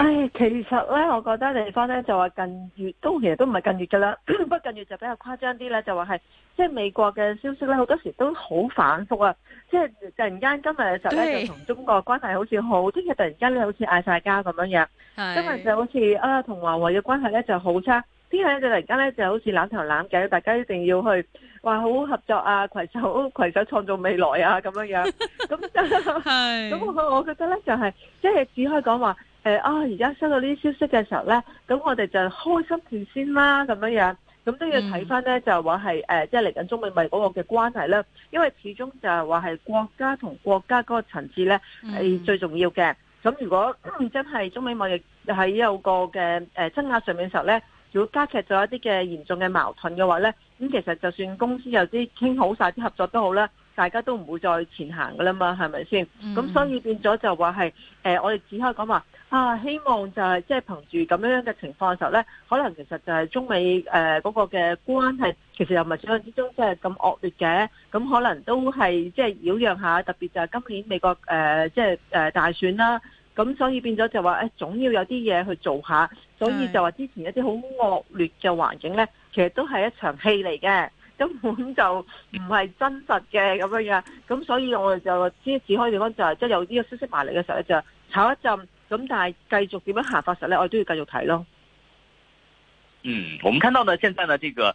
唉、哎，其實咧，我覺得地方咧就話近月都其實都唔係近月㗎啦，不過近月就比較誇張啲咧，就話係即係美國嘅消息咧好多時都好反覆啊！即、就、係、是、突然間今日嘅時候咧就同對中國關係好似好，即係突然間咧好似嗌晒交咁樣對今日就好似啊，同華為嘅關係咧就好差，聽日咧就突然間咧就好似攬頭攬頸，大家一定要去話好好合作啊，攜手攜手創造未來啊咁樣，咁咁我覺覺得咧就係即係只可以講話。誒啊！而家、哦、收到呢啲消息嘅時候咧，咁我哋就開心住先啦，咁樣樣，咁都要睇返咧，mm hmm. 就話係誒，即係嚟緊中美貿易嗰個嘅關係啦，因為始終就係話係國家同國家嗰個層次咧係、mm hmm. 最重要嘅。咁如果、嗯、真係中美貿易喺有個嘅誒增壓上面嘅時候咧，如果加劇咗一啲嘅嚴重嘅矛盾嘅話咧，咁、嗯、其實就算公司有啲傾好晒啲合作都好啦，大家都唔會再前行噶啦嘛，係咪先？咁、mm hmm. 所以變咗就話係誒，我哋只可以講話。啊！希望就係即係憑住咁樣嘅情況嘅時候咧，可能其實就係中美誒嗰、呃那個嘅關係，其實又唔係想像之中即係咁惡劣嘅。咁可能都係即係擾攘下，特別就係今年美國誒即係誒大選啦。咁所以變咗就話誒、哎，總要有啲嘢去做下。所以就話之前一啲好惡劣嘅環境咧，其實都係一場戲嚟嘅，根本就唔係真實嘅咁樣樣。咁所以我哋就即係只可以講就係即係有呢個消息埋嚟嘅時候咧，就炒一陣。咁但係繼續點樣行法實呢，我哋都要繼續睇咯。嗯，我們看到呢，現在呢，這個。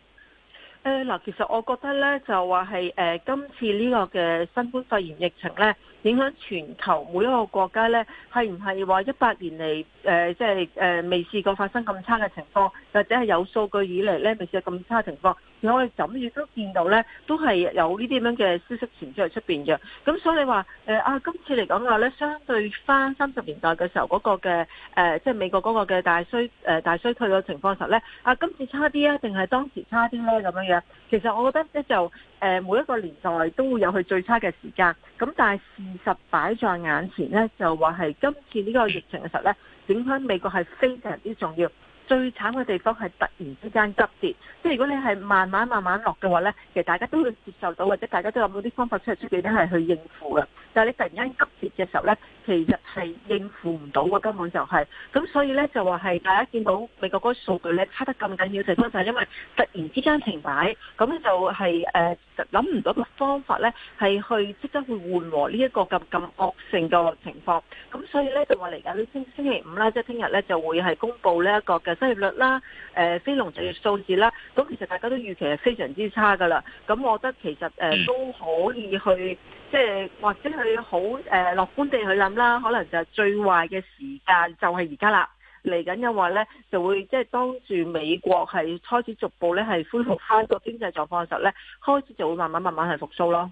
誒，嗱，其實我覺得咧，就話係誒，今次呢個嘅新冠肺炎疫情咧，影響全球每一個國家咧，係唔係話一百年嚟誒，即係誒，未試過發生咁差嘅情況，或者係有數據以嚟咧，未試過咁差嘅情況。我哋咁亦都見到咧，都係有呢啲咁樣嘅消息傳出喺出邊嘅。咁所以你話，誒啊，今次嚟講話咧，相對翻三十年代嘅時候嗰個嘅誒，即係美國嗰個嘅大衰誒大衰退嘅情況時候咧，啊今次差啲啊，定係當時差啲咧咁樣樣？其實我覺得咧，就，誒每一個年代都會有佢最差嘅時間。咁但係事實擺在眼前咧，就話係今次呢個疫情嘅時候咧，影響美國係非常之重要。最慘嘅地方係突然之間急跌，即係如果你係慢慢慢慢落嘅話呢，其實大家都會接受到，或者大家都諗到啲方法出嚟出嚟呢係去應付嘅。但係你突然間急跌嘅時候呢，其實係應付唔到嘅根本就係、是、咁，所以呢，就話係大家見到美國嗰個數據呢差得咁緊要嘅地方，就係、是、因為突然之間停擺，咁就係誒諗唔到個方法呢，係去即刻去緩和呢一個咁咁惡性嘅情況。咁所以呢，就話嚟緊星星期五啦，即係聽日呢，就會係公布呢一個嘅。失業率啦，誒非農就業數字啦，咁其實大家都預期係非常之差噶啦。咁我覺得其實誒都可以去，即係或者去好誒樂觀地去諗啦，可能就係最壞嘅時間就係而家啦，嚟緊嘅話咧就會即係當住美國係開始逐步咧係恢復翻個經濟狀況嘅時候咧，開始就會慢慢慢慢係復甦咯。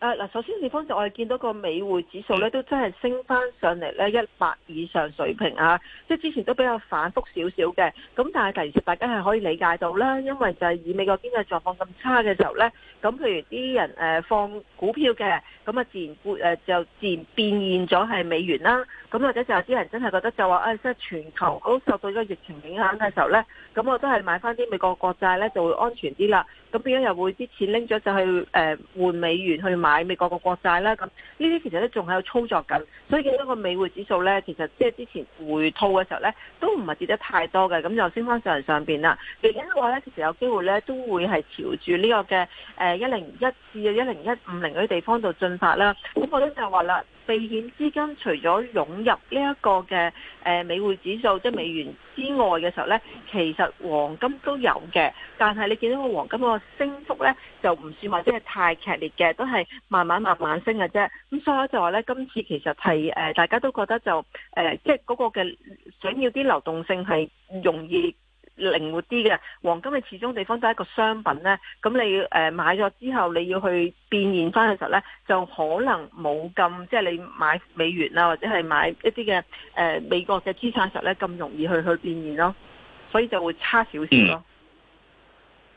誒嗱、啊，首先是方就我哋見到個美匯指數咧，都真係升翻上嚟咧一百以上水平啊！即係之前都比較反復少少嘅，咁但係其實大家係可以理解到啦，因為就係以美國經濟狀況咁差嘅時候咧，咁譬如啲人誒放股票嘅，咁啊自，自然變現咗係美元啦。咁或者就有啲人真係覺得就話誒，即、哎、係全球都受到咗疫情影響嘅時候咧，咁我都係買翻啲美國國債咧就會安全啲啦。咁變咗又會啲錢拎咗就去換美元去買。買美國個國債啦，咁呢啲其實都仲喺度操作緊，所以見到個美匯指數咧，其實即係之前回吐嘅時候咧，都唔係跌得太多嘅，咁就升翻上嚟上邊啦。另外咧，其實有機會咧都會係朝住呢個嘅誒一零一至一零一五零嗰啲地方度進發啦。咁我都有話啦。避險資金除咗湧入呢一個嘅誒美匯指數，即係美元之外嘅時候咧，其實黃金都有嘅，但係你見到個黃金個升幅咧，就唔算話即係太劇烈嘅，都係慢慢慢慢升嘅啫。咁所以就話咧，今次其實係誒，大家都覺得就誒，即係嗰個嘅想要啲流動性係容易。靈活啲嘅黃金，嘅始終地方都係一個商品呢。咁你誒買咗之後你要去變現翻嘅時候呢，就可能冇咁即係你買美元啦，或者係買一啲嘅誒美國嘅資產時候呢，咁容易去去變現咯，所以就會差少少咯。嗯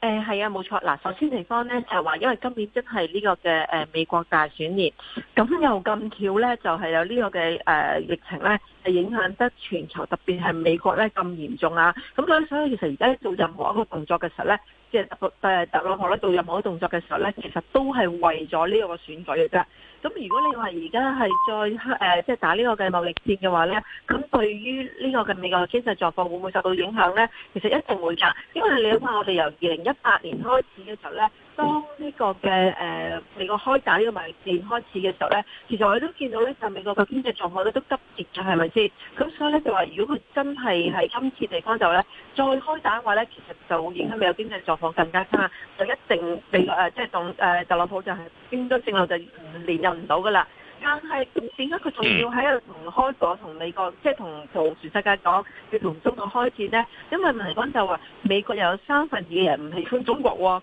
誒，係啊、嗯，冇錯。嗱，首先地方咧就係話，因為今年真係呢、這個嘅誒、呃、美國大選年，咁又咁巧咧，就係、是、有呢、這個嘅誒、呃、疫情咧，係影響得全球，特別係美國咧咁嚴重啊。咁所以，其實而家做任何一個動作嘅時候咧，即係特特朗普咧做任何一個動作嘅時候咧，其實都係為咗呢個選舉嘅啫。咁如果你、呃、話而家係再即係打呢個嘅貿易戰嘅話咧，咁對於呢個嘅美國經濟狀況會唔會受到影響咧？其實一定會㗎，因為你睇下我哋由二零一八年開始嘅時候咧。當呢個嘅、呃、美國開打呢個貿易戰開始嘅時候咧，其實我哋都見到咧，就是、美國嘅經濟狀況咧都急跌咗，係咪先？咁所以咧就話，如果佢真係喺今次地方就咧再開打嘅話咧，其實就會影響美國經濟狀況更加差，就一定美國、呃、即係當誒特朗普就係變咗正路就連任唔到噶啦。但係點解佢仲要喺度同開打同美國，即係同同全世界講要同中國開戰咧？因為問題講就話美國有三分二嘅人唔喜歡中國喎、哦。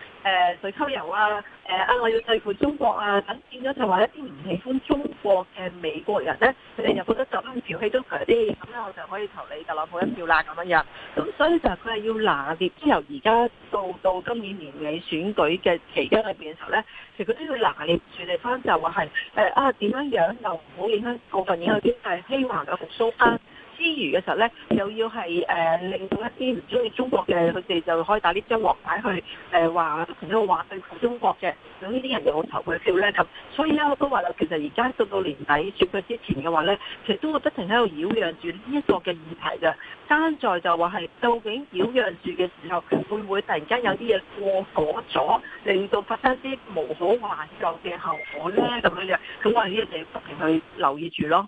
誒、呃、水溝油啊！誒、呃、啊！我要對付中國啊！等變咗就話一啲唔喜歡中國嘅美國人咧，佢哋又覺得咁調戲都強啲，咁咧我就可以投你特朗普一票啦，咁樣樣咁，所以就佢係要拿捏，即由而家到到今年年尾選舉嘅期間裏邊嘅時候咧，其實佢都要拿捏住嚟翻，就話係誒啊點樣樣又唔好影響部分影響經濟虛幻嘅復甦啦。那個之餘嘅時候咧，又要係、呃、令到一啲唔中意中國嘅佢哋就可以打呢張黃牌去話、呃、不停喺度話對付中國嘅，咁呢啲人有冇投佢票咧？咁所以咧我都話啦，其實而家到到年底選舉之前嘅話咧，其實都不擾擾擾擾會不停喺度擾攘住呢一個嘅議題嘅，爭在就話係究竟擾攘住嘅時候會唔會突然間有啲嘢過火咗，令到發生啲無可挽救嘅後果咧？咁樣樣，咁我哋呢啲就不停去留意住咯。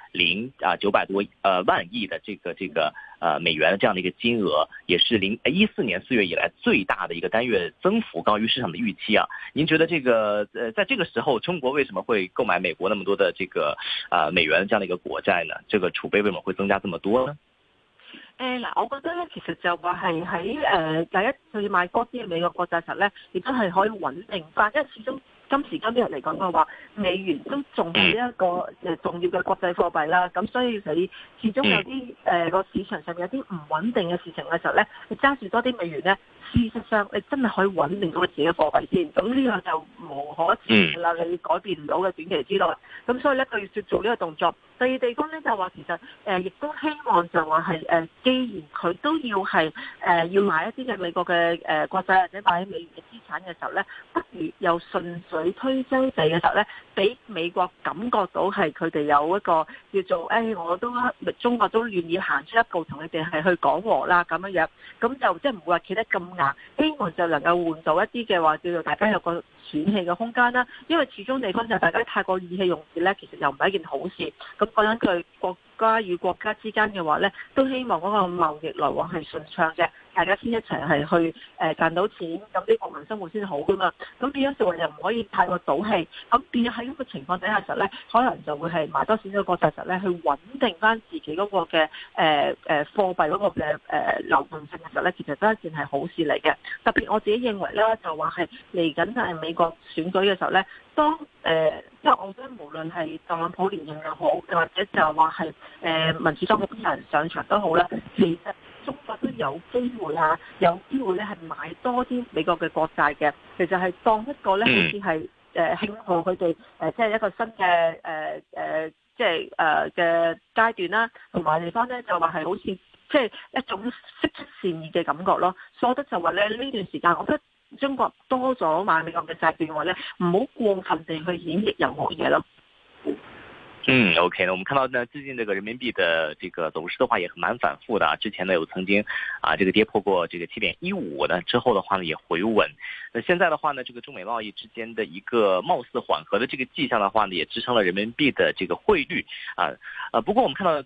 零啊九百多呃萬億的這個這個呃美元的這樣的一個金額，也是零一四年四月以來最大的一個單月增幅，高於市場的預期啊！您覺得這個呃在這個時候，中國為什麼會購買美國那麼多的這個啊、呃、美元這樣的一個國債呢？這個儲備為什麼會增加這麼多呢？誒，嗱，我覺得呢，其實就話係喺呃第一去買多啲美國國債時呢，實呢亦都係可以穩定化，因為始終。今時今日嚟講嘅話，美元都仲係一個誒重要嘅國際貨幣啦。咁所以你始終有啲誒個市場上面有啲唔穩定嘅事情嘅時候咧，你揸住多啲美元咧。事實上，你真係可以穩定到你自己貨幣先，咁呢個就無可置疑啦。你改變唔到嘅短期之內，咁所以咧，佢要做做呢個動作。第二地方咧就話，其實誒、呃、亦都希望就話係誒，既然佢都要係誒、呃、要買一啲嘅美國嘅誒、呃、國債或者買美元嘅資產嘅時候咧，不如又順水推舟地嘅時候咧，俾美國感覺到係佢哋有一個叫做誒、哎，我都中國都願意行出一步，同佢哋係去講和啦咁樣樣，咁就即係唔會話企得咁。希望就能夠換到一啲嘅話，叫做大家有個喘氣嘅空間啦，因為始終地方就大家太過意氣用事咧，其實又唔係一件好事。咁講緊句國家與國家之間嘅話咧，都希望嗰個貿易來往係順暢嘅，大家先一齊係去誒賺到錢，咁啲國民生活先好噶嘛。咁變咗實話又唔可以太過賭氣。咁變咗喺咁嘅情況底下時候咧，可能就會係買多少少國債實咧，去穩定翻自己嗰個嘅誒誒貨幣嗰個嘅誒流動性嘅時候咧，其實真係一件係好事嚟嘅。特別我自己認為咧，就話係嚟緊係美。美國選舉嘅時候咧，當誒，即、呃、係我覺得無論係特朗普連任又好，又或者就話係誒民主黨嘅工人上場都好咧，其實中國都有機會啊，有機會咧係買多啲美國嘅國債嘅，其實係當一個咧，好似係誒慶祝佢哋誒，即係一個新嘅誒誒，即係誒嘅階段啦，同埋地方咧，就話係好似即係一種釋出善意嘅感覺咯，所以我覺得就話咧呢段時間，我覺得。中國多咗買美國嘅債券嘅話咧，唔好過分地去演繹任何嘢咯。嗯，OK 我們看到呢最近呢個人民幣的這個走勢的話，也係蠻反覆的。之前呢有曾經啊，這個跌破過這個七點一五，呢之後的話呢也回穩。那現在的話呢，這個中美貿易之間的一個貌似緩和的這個跡象的話呢，也支撐了人民幣的這個匯率啊。啊，不過我們看到。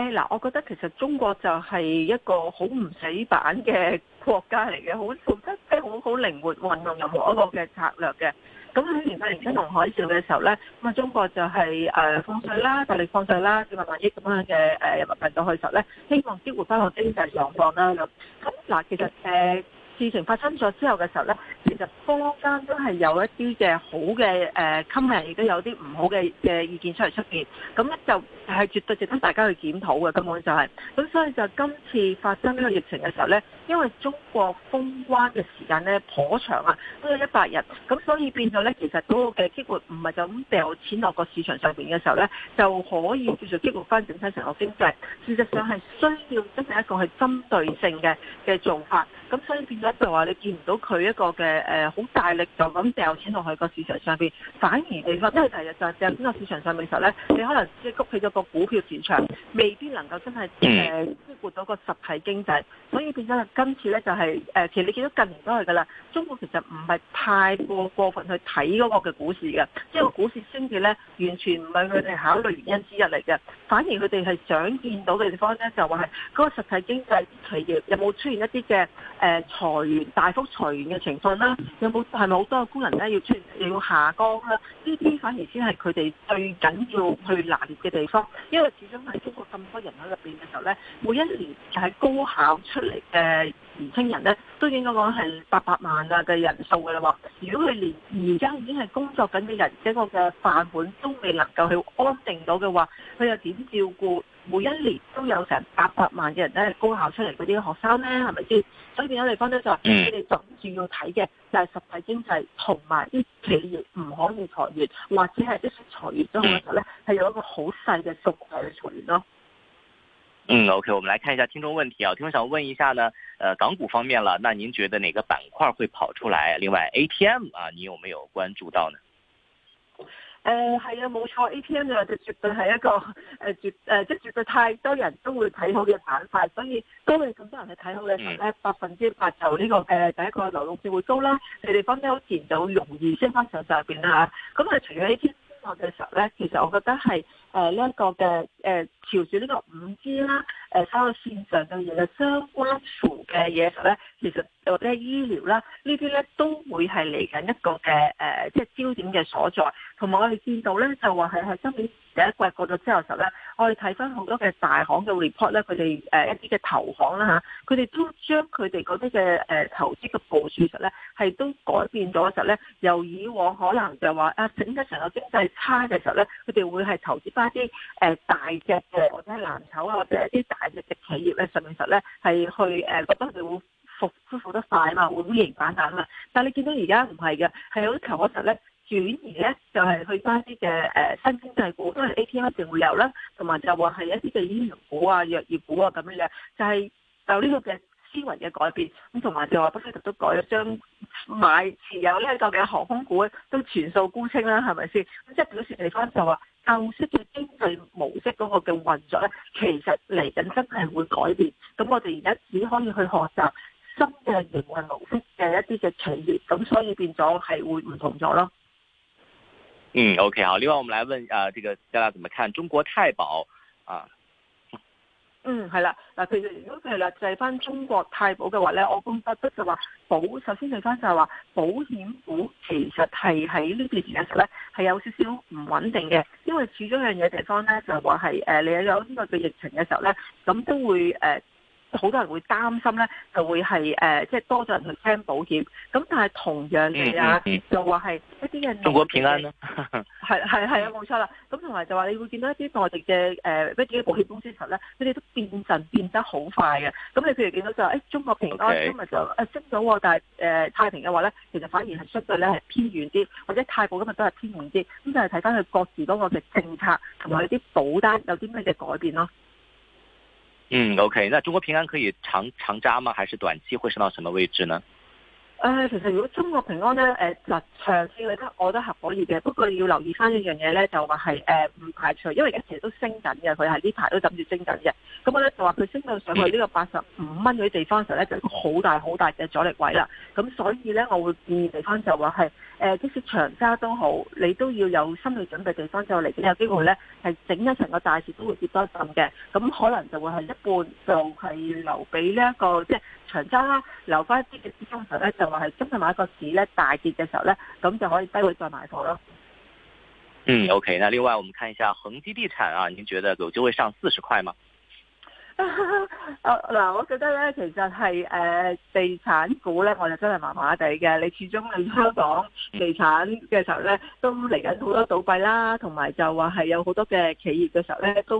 嗱、嗯，我覺得其實中國就係一個好唔死板嘅國家嚟嘅，好做得即係好好靈活運用任何一個嘅策略嘅。咁喺年發疫情同海嘯嘅時候咧，咁啊中國就係誒放水啦，大力放水啦，幾萬萬億咁樣嘅誒、呃、人民幣入去嘅時候咧，希望激活翻個經濟狀況啦咁。咁嗱，其實誒、呃、事情發生咗之後嘅時候咧，其實坊間都係有一啲嘅好嘅誒、呃、comment，亦都有啲唔好嘅嘅意見出嚟出現，咁咧就。係絕對值得大家去檢討嘅，根本就係、是、咁，所以就今次發生呢個疫情嘅時候咧，因為中國封關嘅時間咧頗長啊，都有一百日，咁所以變咗咧，其實嗰個嘅激活唔係就咁掉錢落個市場上邊嘅時候咧，就可以叫做激活翻整體成個經濟。事實上係需要真係一個係針對性嘅嘅做法，咁所以變咗就話你見唔到佢一個嘅誒好大力就咁掉錢落去個市場上邊，反而其實因為第日就掉錢落市場上邊嘅時候咧，你可能即係谷起咗。個股票市場未必能夠真係誒包括到個實體經濟，所以變咗今次咧就係、是、誒、呃，其實你見到近年都係㗎啦。中國其實唔係太過過分去睇嗰個嘅股市嘅，即係個股市升跌咧，完全唔係佢哋考慮原因之一嚟嘅，反而佢哋係想見到嘅地方咧，就話係嗰個實體經濟企業有冇出現一啲嘅誒裁員大幅裁員嘅情況啦？有冇係咪好多工人咧要出現要下崗啦？呢啲反而先係佢哋最緊要去拿捏嘅地方。因為始終喺中國咁多人喺入邊嘅時候咧，每一年就係高考出嚟嘅。年青人咧都應該講係八百萬啊嘅人數噶啦，如果佢連而家已經係工作緊嘅人，一個嘅飯碗都未能夠去安定到嘅話，佢又點照顧？每一年都有成八百萬嘅人咧，係高校出嚟嗰啲學生咧，係咪先？所以變咗地方咧就係，佢哋仲主要睇嘅就係實體經濟同埋啲企業唔可以裁員，或者係即使裁員咗嘅時候咧，係有一個好細嘅去裁員咯。嗯，OK，我們來看一下聽眾問題啊，聽眾想問一下呢，呃、港股方面啦，那您覺得哪個板塊會跑出來？另外 ATM 啊，你有沒有關注到呢？誒係啊，冇錯，ATM 啊就絕對係一個誒、呃、絕即係、呃、絕對太多人都會睇好嘅板塊，所以都係咁多人去睇好嘅時候咧，嗯、百分之八就呢、這個誒、呃、第一個流動性會高啦，你哋分得好錢就容易升翻上上邊啦咁啊、嗯、除咗 ATM 嘅時候咧，其實我覺得係誒呢一個嘅誒朝住呢個五 G 啦、呃，誒所有線上嘅嘢嘅相關嘅嘢嘅時候咧，其實或者醫療啦呢啲咧都會係嚟緊一個嘅誒、呃、即係焦點嘅所在，同埋我哋見到咧就話係喺今年第一季過咗之後嘅時候咧。我哋睇翻好多嘅大行嘅 report 咧，佢哋一啲嘅投行啦吓，佢哋都將佢哋嗰啲嘅投資嘅部署實咧，係都改變咗嘅時候咧，由以往可能就話啊整得成個經濟差嘅時候咧，佢哋會係投資翻啲大隻嘅或者係藍籌啊，或者，或者一啲大隻嘅企業咧，實其實咧係去覺得佢哋會復恢復，復得快啊嘛，會好反彈啊嘛，但係你見到而家唔係嘅，係好頭嗰陣咧。轉移咧就係去翻啲嘅新經濟股，都係 ATM 一定會有啦，同埋就話係一啲嘅醫療股啊、藥業股啊咁樣樣。就係就呢個嘅思維嘅改變，咁同埋就話不時都改咗將買持有呢個嘅航空股都全數沽清啦，係咪先？咁即係表示地方就話舊式嘅經濟模式嗰個嘅運作咧，其實嚟緊真係會改變。咁我哋而家只可以去學習新嘅營運模式嘅一啲嘅企業，咁所以變咗係會唔同咗咯。嗯，OK，好。另外，我們來問啊、呃，這個大家怎麼看中國太保啊？嗯，係啦，嗱，其實如果其實譬如咧就係翻中國太保嘅話咧，我覺得就話保，首先睇翻就係話保險股其實係喺呢段時間咧係有少少唔穩定嘅，因為始終一樣嘢地方咧就係話係誒，你有呢個嘅疫情嘅時候咧，咁都會誒。呃好多人會擔心咧，就會係誒，即、呃、係、就是、多咗人去聽保險。咁但係同樣地啊，嗯嗯嗯、就話係一啲人中國平安咯，係係係啊，冇錯啦。咁同埋就話，你會見到一啲內地嘅誒一啲保險公司時候咧，佢哋都變陣變得好快嘅。咁你譬如見到就誒、欸，中國平安 okay，今日就誒、啊、升咗，但係、呃、太平嘅話咧，其實反而係相對咧係偏遠啲，或者太保今日都係偏遠啲。咁就係睇翻佢各自嗰個嘅政策同埋啲保單有啲咩嘅改變咯。嗯，OK，那中國平安可以長長揸嗎？還是短期會升到什麼位置呢？誒、呃，其實如果中國平安咧，誒、呃，長線嚟講我都合可以嘅。不過要留意翻一樣嘢咧，就話係誒，唔、呃、排除，因為一直都升緊嘅，佢係呢排都等住升緊嘅。咁我咧就話佢升到上去呢個八十五蚊嗰啲地方嘅時候咧，就一個好大好大嘅阻力位啦。咁所以咧，我會建議地方就話係，誒、呃，即使長揸都好，你都要有心理準備。地方就嚟緊有機會咧，係整一成個大市都會跌多一陣嘅。咁可能就會係一半就、這個，就係留俾呢一個即係。長揸啦，留翻一啲嘅資金嘅咧，就話係真正買個市咧，大跌嘅時候咧，咁就可以低位再買貨咯。嗯，OK，那另外我們看一下恒基地產啊，您覺得有機會上四十塊嗎？嗱、 啊啊，我覺得咧，其實係誒、呃、地產股咧，我就真係麻麻地嘅。你始終你香港地產嘅時候咧，都嚟緊好多倒閉啦，同埋就話係有好多嘅企業嘅時候咧，都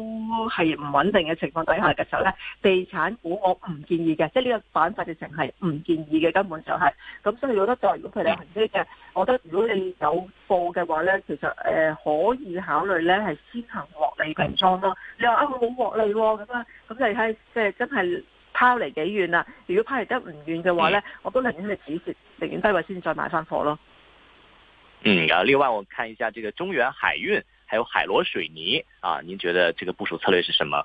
係唔穩定嘅情況底下嘅時候咧，地產股我唔建議嘅，即係呢個反法熱情係唔建議嘅，根本就係、是。咁所以我覺得就係如果佢哋行呢隻，我覺得如果你有貨嘅話咧，其實誒、呃、可以考慮咧係先行獲利平倉啦。你話啊，我冇獲利咁啊，咁即係真係拋離幾遠啦、啊。如果拋離得唔遠嘅話咧，我都寧願你止蝕，寧願低位先再買翻貨咯。嗯，啊，另外我看一下這個中遠海運，還有海螺水泥啊。您覺得這個部署策略是什麼？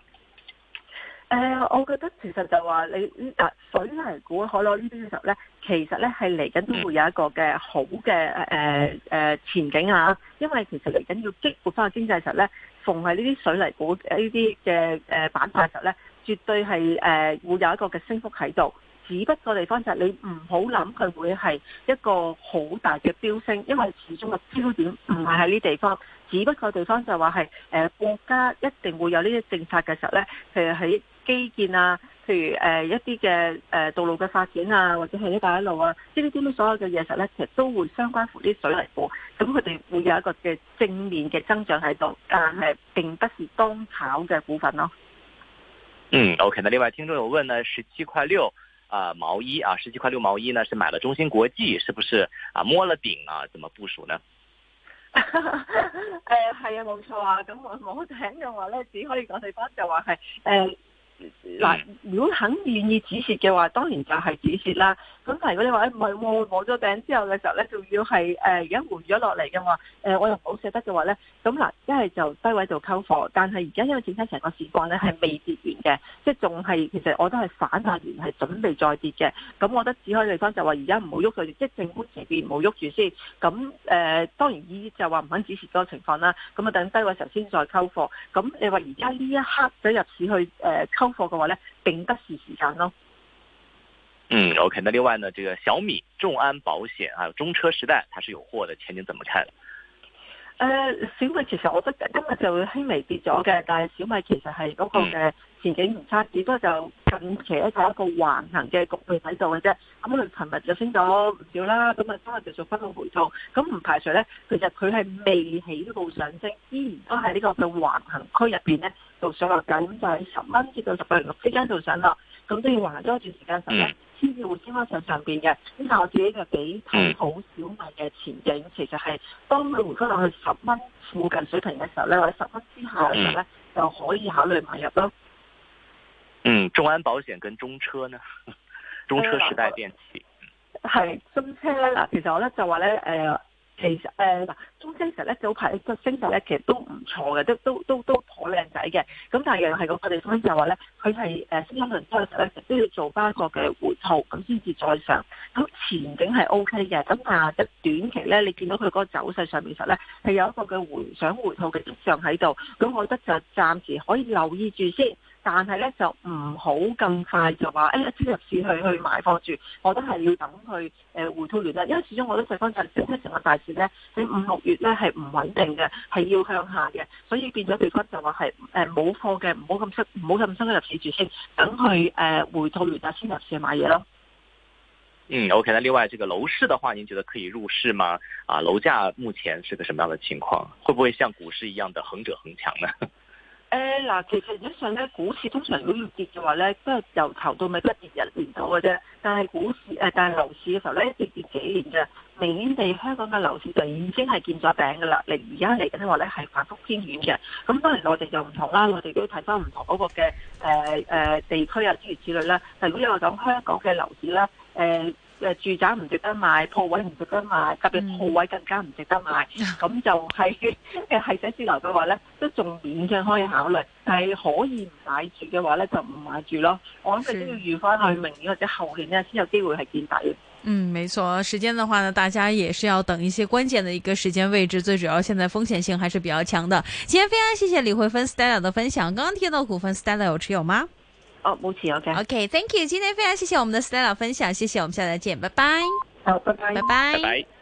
誒、呃，我覺得其實就話你、啊、水泥股、海螺呢啲嘅時候咧，其實咧係嚟緊都會有一個嘅好嘅誒誒前景啊。因為其實嚟緊要激活翻個經濟嘅時候咧，逢係呢啲水泥股誒呢啲嘅誒板塊嘅時候咧。絕對係誒、呃、會有一個嘅升幅喺度，只不過地方就係你唔好諗佢會係一個好大嘅飆升，因為始終個焦點唔係喺呢地方。只不過地方就話係誒國家一定會有呢啲政策嘅時候咧，譬如喺基建啊，譬如誒、呃、一啲嘅誒道路嘅發展啊，或者係一帶一路啊，呢啲啲所有嘅嘢實咧，其實都會相關乎啲水泥股，咁佢哋會有一個嘅正面嘅增長喺度，但係並不是當炒嘅股份咯。嗯，OK，那另外聽眾有問呢，十七塊六啊毛一啊，十七塊六毛一呢，是買了中芯國際，是不是啊摸了頂啊，怎麼部署呢？誒 呃，係啊，冇錯啊，咁摸頂嘅話咧，只可以講返就話係誒，嗱、呃呃呃，如果肯願意止蝕嘅話，當然就係止蝕啦。咁如果你話誒唔係冇咗頂之後嘅時候咧，仲要係誒而家換咗落嚟嘅話，誒、呃、我又唔好捨得嘅話咧，咁嗱，一係就低位度溝貨，但係而家因為整體成個市況咧係未跌完嘅，即係仲係其實我都係反彈完，係準備再跌嘅。咁我覺得只可以地方就話，而家唔好喐佢，即係政府前邊唔好喐住先。咁誒、呃，當然以就話唔肯指示嗰個情況啦。咁啊，等低位時候先再溝貨。咁你話而家呢一刻想入市去誒溝貨嘅話咧，並不是時間咯。嗯，OK，那另外呢，這個小米、眾安保險啊，有中車時代，它是有貨的，前景怎麼看呢？誒、呃，小米其實我覺得今日就會輕微跌咗嘅，但係小米其實係嗰個嘅前景唔差，只不過就近期咧就一個橫行嘅局面睇到嘅啫。咁啊，琴日就升咗唔少啦，咁啊今日繼續分到回吐，咁唔排除咧，其實佢係未起嗰部上升，依然都係呢個嘅橫行區入邊咧度上落緊，就喺十蚊至到十八六之間度上落，咁都要橫行多一段時間上啦。嗯天要回升翻上上邊嘅，咁但我自己就幾睇好小米嘅前景，其實係當佢回升到去十蚊附近水平嘅時候咧，或者十蚊之下嘅時候咧，就可以考慮買入咯。嗯，眾安保險跟中車呢？中車時代電氣。係中車咧，嗱，其實我咧就話咧，誒、呃。其實誒，嗱、呃，中升其實咧，早排個升勢咧，其實都唔錯嘅，都都都都頗靚仔嘅。咁但係又係嗰個地方就話咧，佢係誒新輪之後咧，都要做翻一個嘅回吐咁先至再上。咁前景係 OK 嘅。咁但係一短期咧，你見到佢個走勢上面實咧係有一個嘅回想回吐嘅跡象喺度。咁我覺得就暫時可以留意住先。但係咧就唔好咁快就話，哎呀，入市去去買貨住，我都係要等佢誒回吐完啦。因為始終我都睇返就係、是，即成個大市咧喺五六月咧係唔穩定嘅，係要向下嘅，所以變咗平方就話係誒冇貨嘅，唔好咁出，唔好咁新入市住先，等佢誒、呃、回吐完啦先入市買嘢咯。嗯，OK，那另外，這個樓市的話，您覺得可以入市嗎？啊，樓價目前是個什麼樣的情況？會不會像股市一樣的橫者恒強呢？誒嗱，其實一上咧，股市通常如果要跌嘅話咧，都係由頭到尾得跌日年到嘅啫。但係股市誒、呃，但係樓市嘅時候咧，一直跌幾年嘅，明顯地香港嘅樓市就已經係見咗頂嘅啦。嚟而家嚟緊嘅話咧，係反覆偏軟嘅。咁當然我哋就唔同啦，我哋都睇翻唔同嗰個嘅誒誒地區啊諸如此類啦。但如果有講香港嘅樓市啦，誒、呃。住宅唔值得買，鋪位唔值得買，特別鋪位更加唔值得買。咁、嗯、就係誒係寫字樓嘅話咧，都仲 勉強可以考慮。但係可以唔買住嘅話咧，就唔買住咯。是我諗佢都要預翻去明年或者後年呢先有機會係見底。嗯，沒錯，時時間的話呢，大家也是要等一些關鍵嘅一個時間位置。最主要，現在風險性還是比較強的。今天非常謝謝李慧芬 Stella 的分享。剛剛聽到股份 Stella 有持有嗎？哦，冇事、oh, OK，OK，Thank、okay. okay, you，今天非常謝謝我們的 Style 分享，謝謝我們下次再見，拜拜。好，拜拜，拜拜，拜拜。